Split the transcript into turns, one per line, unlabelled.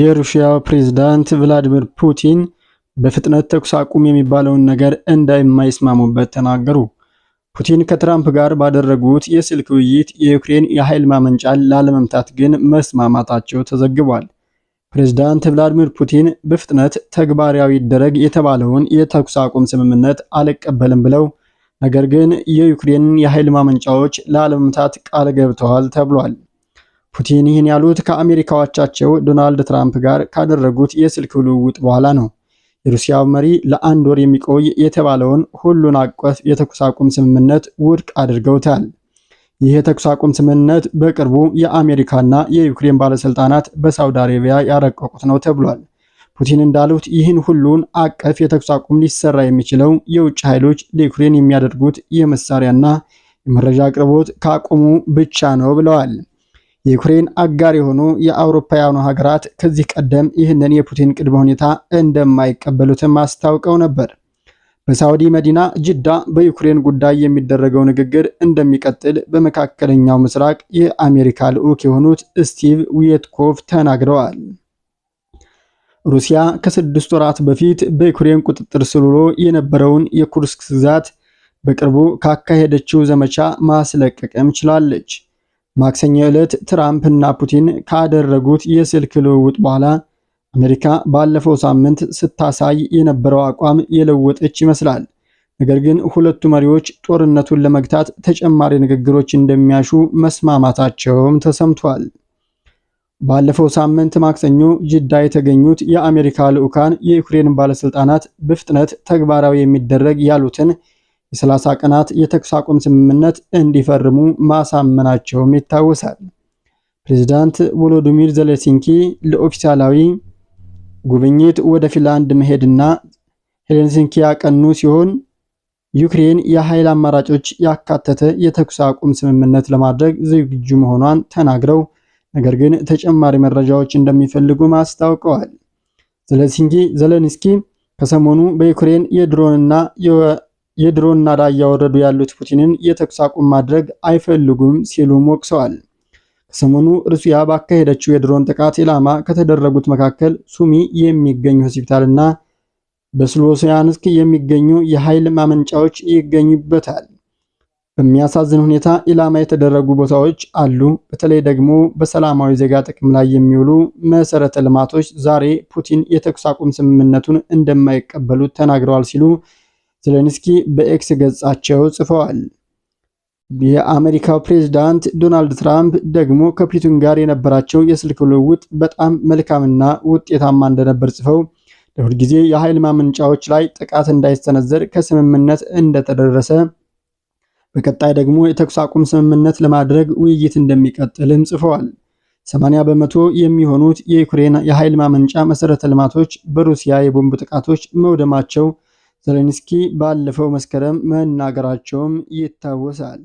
የሩሲያው ፕሬዝዳንት ቭላዲሚር ፑቲን በፍጥነት ተኩስ አቁም የሚባለውን ነገር እንደማይስማሙበት ተናገሩ። ፑቲን ከትራምፕ ጋር ባደረጉት የስልክ ውይይት የዩክሬን የኃይል ማመንጫን ላለመምታት ግን መስማማታቸው ተዘግቧል። ፕሬዝዳንት ቭላዲሚር ፑቲን በፍጥነት ተግባራዊ ይደረግ የተባለውን የተኩስ አቁም ስምምነት አልቀበልም ብለው ነገር ግን የዩክሬንን የኃይል ማመንጫዎች ላለመምታት ቃል ገብተዋል ተብሏል። ፑቲን ይህን ያሉት ከአሜሪካዎቻቸው ዶናልድ ትራምፕ ጋር ካደረጉት የስልክ ልውውጥ በኋላ ነው። የሩሲያው መሪ ለአንድ ወር የሚቆይ የተባለውን ሁሉን አቀፍ የተኩስ አቁም ስምምነት ውድቅ አድርገውታል። ይህ የተኩስ አቁም ስምምነት በቅርቡ የአሜሪካና የዩክሬን ባለስልጣናት በሳውዲ አረቢያ ያረቀቁት ነው ተብሏል። ፑቲን እንዳሉት ይህን ሁሉን አቀፍ የተኩስ አቁም ሊሰራ የሚችለው የውጭ ኃይሎች ለዩክሬን የሚያደርጉት የመሳሪያና የመረጃ አቅርቦት ካቆሙ ብቻ ነው ብለዋል። የዩክሬን አጋር የሆኑ የአውሮፓውያኑ ሀገራት ከዚህ ቀደም ይህንን የፑቲን ቅድመ ሁኔታ እንደማይቀበሉትም አስታውቀው ነበር። በሳውዲ መዲና ጅዳ በዩክሬን ጉዳይ የሚደረገው ንግግር እንደሚቀጥል በመካከለኛው ምስራቅ የአሜሪካ ልዑክ የሆኑት ስቲቭ ዊየትኮቭ ተናግረዋል። ሩሲያ ከስድስት ወራት በፊት በዩክሬን ቁጥጥር ስር ውሎ የነበረውን የኩርስክ ግዛት በቅርቡ ካካሄደችው ዘመቻ ማስለቀቅም ችላለች። ማክሰኞ ዕለት ትራምፕ እና ፑቲን ካደረጉት የስልክ ልውውጥ በኋላ አሜሪካ ባለፈው ሳምንት ስታሳይ የነበረው አቋም የለወጠች ይመስላል። ነገር ግን ሁለቱ መሪዎች ጦርነቱን ለመግታት ተጨማሪ ንግግሮች እንደሚያሹ መስማማታቸውም ተሰምቷል። ባለፈው ሳምንት ማክሰኞ ጅዳ የተገኙት የአሜሪካ ልዑካን የዩክሬን ባለስልጣናት በፍጥነት ተግባራዊ የሚደረግ ያሉትን የ30 ቀናት የተኩስ አቁም ስምምነት እንዲፈርሙ ማሳመናቸውም ይታወሳል። ፕሬዚዳንት ቮሎዲሚር ዜሌንስኪ ለኦፊሳላዊ ጉብኝት ወደ ፊንላንድ መሄድና ሄልሲንኪ ያቀኑ ሲሆን ዩክሬን የኃይል አማራጮች ያካተተ የተኩስ አቁም ስምምነት ለማድረግ ዝግጁ መሆኗን ተናግረው ነገር ግን ተጨማሪ መረጃዎች እንደሚፈልጉ አስታውቀዋል። ዘለንስኪ ከሰሞኑ በዩክሬን የድሮንና የድሮን ናዳ እያወረዱ ያሉት ፑቲንን የተኩስ አቁም ማድረግ አይፈልጉም ሲሉም ወቅሰዋል። ከሰሞኑ ሩሲያ ባካሄደችው የድሮን ጥቃት ኢላማ ከተደረጉት መካከል ሱሚ የሚገኝ ሆስፒታልና በስሎሲያንስክ የሚገኙ የኃይል ማመንጫዎች ይገኙበታል። በሚያሳዝን ሁኔታ ኢላማ የተደረጉ ቦታዎች አሉ። በተለይ ደግሞ በሰላማዊ ዜጋ ጥቅም ላይ የሚውሉ መሰረተ ልማቶች ዛሬ ፑቲን የተኩስ አቁም ስምምነቱን እንደማይቀበሉት ተናግረዋል ሲሉ ዘለንስኪ በኤክስ ገጻቸው ጽፈዋል። የአሜሪካው ፕሬዝዳንት ዶናልድ ትራምፕ ደግሞ ከፑቲን ጋር የነበራቸው የስልክ ልውውጥ በጣም መልካምና ውጤታማ እንደነበር ጽፈው ለሁል ጊዜ የኃይል ማመንጫዎች ላይ ጥቃት እንዳይሰነዘር ከስምምነት እንደተደረሰ በቀጣይ ደግሞ የተኩስ አቁም ስምምነት ለማድረግ ውይይት እንደሚቀጥልም ጽፈዋል። 80 በመቶ የሚሆኑት የዩክሬን የኃይል ማመንጫ መሰረተ ልማቶች በሩሲያ የቦምብ ጥቃቶች መውደማቸው ዘለንስኪ ባለፈው መስከረም መናገራቸውም ይታወሳል።